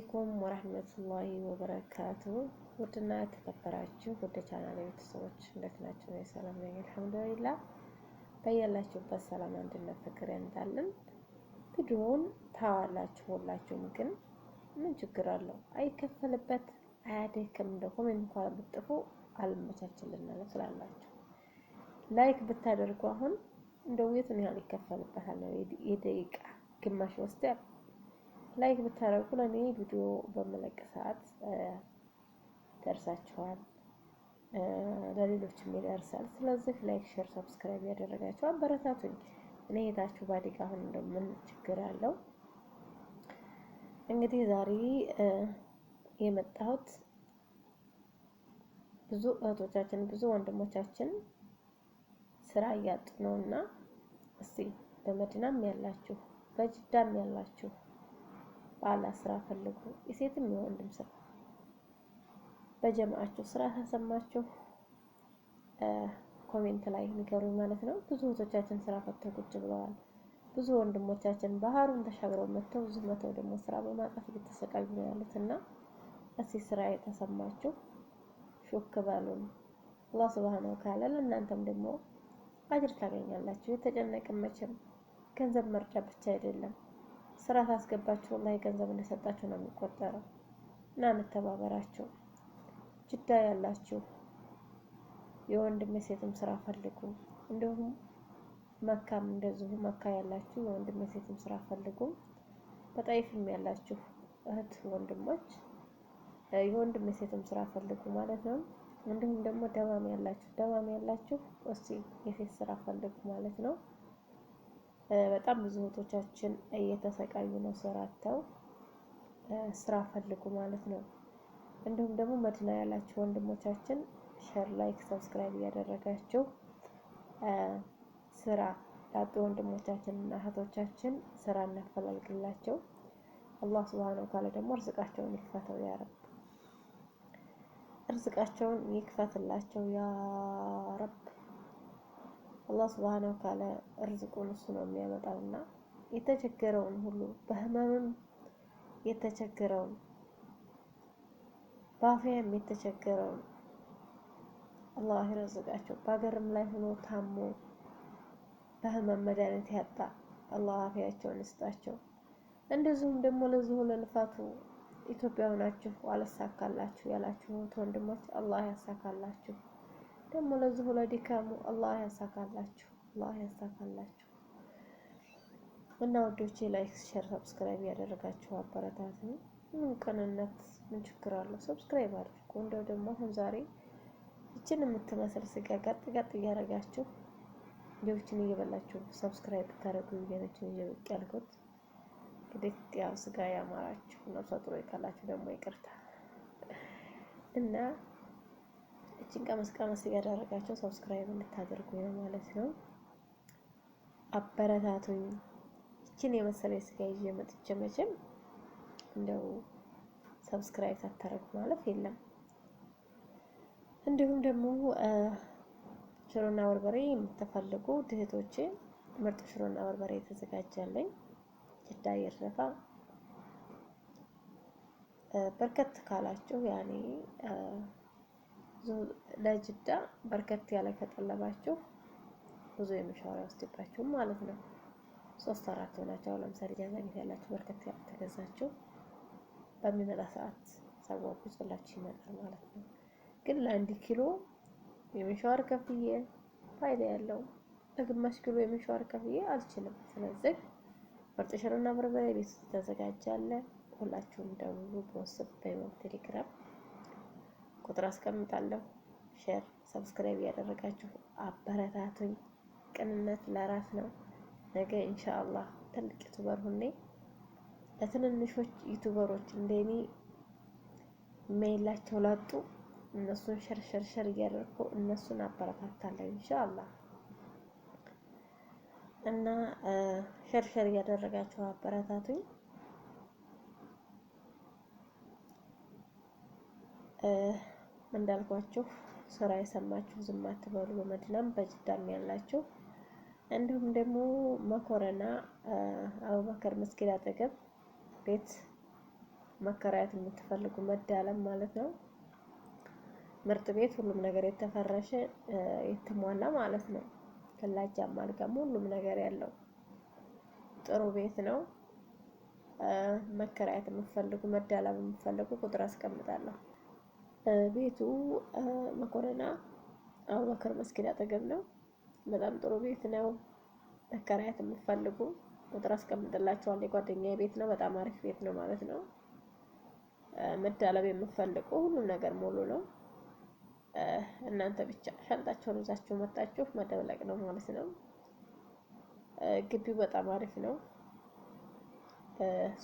አለይኩም ወራህመቱላሂ ወበረካቱ። ውድና ተከበራችሁ ውድ ቻናል ቤተሰቦች እንዴት ናችሁ? ሰላም ነኝ አልሐምዱሊላህ። በያላችሁበት ሰላም፣ አንድነት፣ ፍቅር ያምጣልን። ቪዲዮውን ታዋላችሁ ሁላችሁም፣ ግን ምን ችግር አለው? አይከፈልበት አያደክም። እንደ እንኳን ብትጥፉ አልመቻችልን ስላላችሁ ላይክ ብታደርጉ አሁን እንደው የቱን ያህል ይከፈልበታል የደቂቃ ግማሽ ወስደ ላይክ ብታደርጉ ለእኔ ቪዲዮ በምለቅ ሰዓት ደርሳችኋል፣ ለሌሎችም ይደርሳል። ስለዚህ ላይክ፣ ሼር፣ ሰብስክራይብ ያደረጋችሁ አበረታቱኝ። እኔ የታችሁ ባዲቃ አሁን እንደምን ችግር አለው። እንግዲህ ዛሬ የመጣሁት ብዙ እህቶቻችን ብዙ ወንድሞቻችን ስራ እያጡ ነው እና እስቲ በመዲናም ያላችሁ በጅዳም ያላችሁ በአላ ስራ ፈልጉ፣ የሴትም የወንድም ስራ በጀማአችሁ ስራ ተሰማችሁ ኮሜንት ላይ ንገሩኝ ማለት ነው። ብዙ እህቶቻችን ስራ ፈተው ቁጭ ብለዋል። ብዙ ወንድሞቻችን ባህሩን ተሻግረው መጥተው ብዙ መተው ደግሞ ስራ በማጣት እየተሰቃዩ ነው ያሉት እና እስኪ ስራ የተሰማችሁ ሹክ በሉን። አላህ ሱብሃነሁ ካለ ለእናንተም ደግሞ አጅር ታገኛላችሁ። የተጨነቅን መቼም ገንዘብ መርጃ ብቻ አይደለም። ስራ አስገባቸው ላይ ገንዘብ እንደሰጣቸው ነው የሚቆጠረው እና መተባበራቸው ጅዳ ያላችሁ የወንድም የሴትም ስራ ፈልጉ። እንዲሁም መካም እንደዚሁ መካ ያላችሁ የወንድም የሴትም ስራ ፈልጉ። በጣይፍም ያላችሁ እህት ወንድሞች የወንድም የሴትም ስራ ፈልጉ ማለት ነው። እንዲሁም ደግሞ ደማም ያላችሁ ደማም ያላችሁ እስቲ የሴት ስራ ፈልጉ ማለት ነው። በጣም ብዙ እህቶቻችን እየተሰቃዩ ነው። ስራ አጥተው ስራ ፈልጉ ማለት ነው። እንዲሁም ደግሞ መዲና ያላችሁ ወንድሞቻችን ሸር፣ ላይክ፣ ሰብስክራይብ እያደረጋችሁ ስራ ላጡ ወንድሞቻችንና እህቶቻችን ስራ እናፈላልግላቸው። አላህ ሱብሃነሁ ወተዓላ ደግሞ እርዝቃቸውን ይክፈተው ያረብ፣ እርዝቃቸውን ይክፈትላቸው ያረብ። አላህ ስብሃነሁ ወተዓላ እርዝቁን እሱ ነው የሚያመጣው እና የተቸገረውን ሁሉ በህመምም የተቸገረውን በአፍያም የተቸገረውን አላህ ይረዝቃቸው። በሀገርም ላይ ሆኖ ታሞ በህመም መድኃኒት ያጣ አላህ አፍያቸውን ይስጣቸው። እንደዚሁም ደግሞ ለዚሁ ለልፋቱ ኢትዮጵያ ሆናችሁ አላሳካላችሁ ያላችሁ ወንድሞች አላህ ያሳካላችሁ። ደግሞ ለዚህ ሁሉ ድካሙ አላህ ያሳካላችሁ፣ አላህ ያሳካላችሁ። እና ወዶቼ ላይክ፣ ሼር፣ ሰብስክራይብ ያደረጋችሁ አበረታት። ምን ቅንነት ምን ችግር አለው? ሰብስክራይብ አድርጉ። እንደው ደግሞ አሁን ዛሬ ይችን የምትመስል ስጋ ጋጥ ጋጥ እያደረጋችሁ ሌሎችን እየበላችሁ ሰብስክራይብ ታደርጉ ሌሎችን እየበቅ ያልኩት እንግዲህ ያው ስጋ ያማራችሁ ነው። ጡር ካላችሁ ደግሞ ይቅርታ እና እችን ቀመስ ቀመስ እያደረጋቸው ሰብስክራይብ እንድታደርጉ ነው ማለት ነው። አበረታቱኝ። እችን የመሰለ ስጋ ይዤ መጥቼ መቼም እንደው ሰብስክራይብ ሳታደርጉ ማለት የለም። እንዲሁም ደግሞ ሽሮና በርበሬ የምትፈልጉ ድህቶቼ ምርጥ ሽሮና በርበሬ የተዘጋጃለኝ ጅዳ ይረፋ በርከት ካላችሁ ያኔ ለጅዳ በርከት ያለ ከጠለባችሁ ብዙ የመሻወሪያ ውስጥባችሁ ማለት ነው። ሶስት አራት ሆናችሁ ለምሳሌ ጃዛ ቤት ያላችሁ በርከት ያለ ተገዛችሁ በሚመጣ ሰዓት ሰው ቁጭላችሁ ይመጣል ማለት ነው። ግን ለአንድ ኪሎ የመሻወር ከፍዬ ፋይዳ ያለው ለግማሽ ኪሎ የመሻወር ከፍዬ አልችልም። ስለዚህ ምርጥ ሽሮና በርበሬ ቤት ተዘጋጃለ። ሁላችሁም ደውሉ በወስብ ቴሌግራም ቁጥር አስቀምጣለሁ። ሼር፣ ሰብስክራይብ ያደረጋችሁ አበረታቱኝ። ቅንነት ለራስ ነው። ነገ ኢንሻአላህ ትልቅ ዩቱበር ሁኔ ለትንንሾች ዩቱበሮች እንደኔ የማይላቸው ላጡ እነሱን ሸርሸርሸር እያደርኩ እነሱን አበረታታለሁ ኢንሻአላህ። እና ሸርሸር እያደረጋችሁ አበረታቱኝ። እንዳልኳችሁ ስራ የሰማችሁ ዝም አትበሉ። በመድናም በጅዳም ያላችሁ እንዲሁም ደግሞ መኮረና አቡበከር መስጊድ አጠገብ ቤት መከራየት የምትፈልጉ መዳለም ማለት ነው። ምርጥ ቤት ሁሉም ነገር የተፈረሸ የተሟላ ማለት ነው። ከላጃም አልጋም ሁሉም ነገር ያለው ጥሩ ቤት ነው። መከራየት የምትፈልጉ መዳለም የምትፈልጉ ቁጥር አስቀምጣለሁ። ቤቱ መኮረና አቡበክር መስጊድ አጠገብ ነው። በጣም ጥሩ ቤት ነው። መከራየት የምትፈልጉ ቁጥር አስቀምጥላችኋል። የጓደኛ ቤት ነው። በጣም አሪፍ ቤት ነው ማለት ነው። መዳለብ የምትፈልጉ ሁሉም ነገር ሙሉ ነው። እናንተ ብቻ ሻንጣችሁን ይዛችሁ መጣችሁ መደበለቅ ነው ማለት ነው። ግቢው በጣም አሪፍ ነው።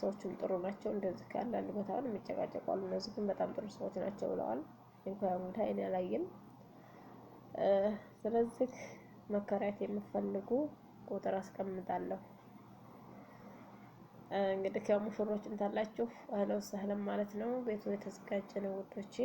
ሰዎቹም ጥሩ ናቸው። እንደዚህ ከአንዳንድ ቦታ አሁን የሚጨቃጨቋሉ፣ እነዚህ ግን በጣም ጥሩ ሰዎች ናቸው ብለዋል። እንኳን ጉዳይ አይን አላየም። ስለዚህ መከራየት የምፈልጉ ቁጥር አስቀምጣለሁ። እንግዲህ ከሙሽሮች እንታላችሁ አህለ ሰህለም ማለት ነው። ቤቱ የተዘጋጀ ነው ውዶቼ።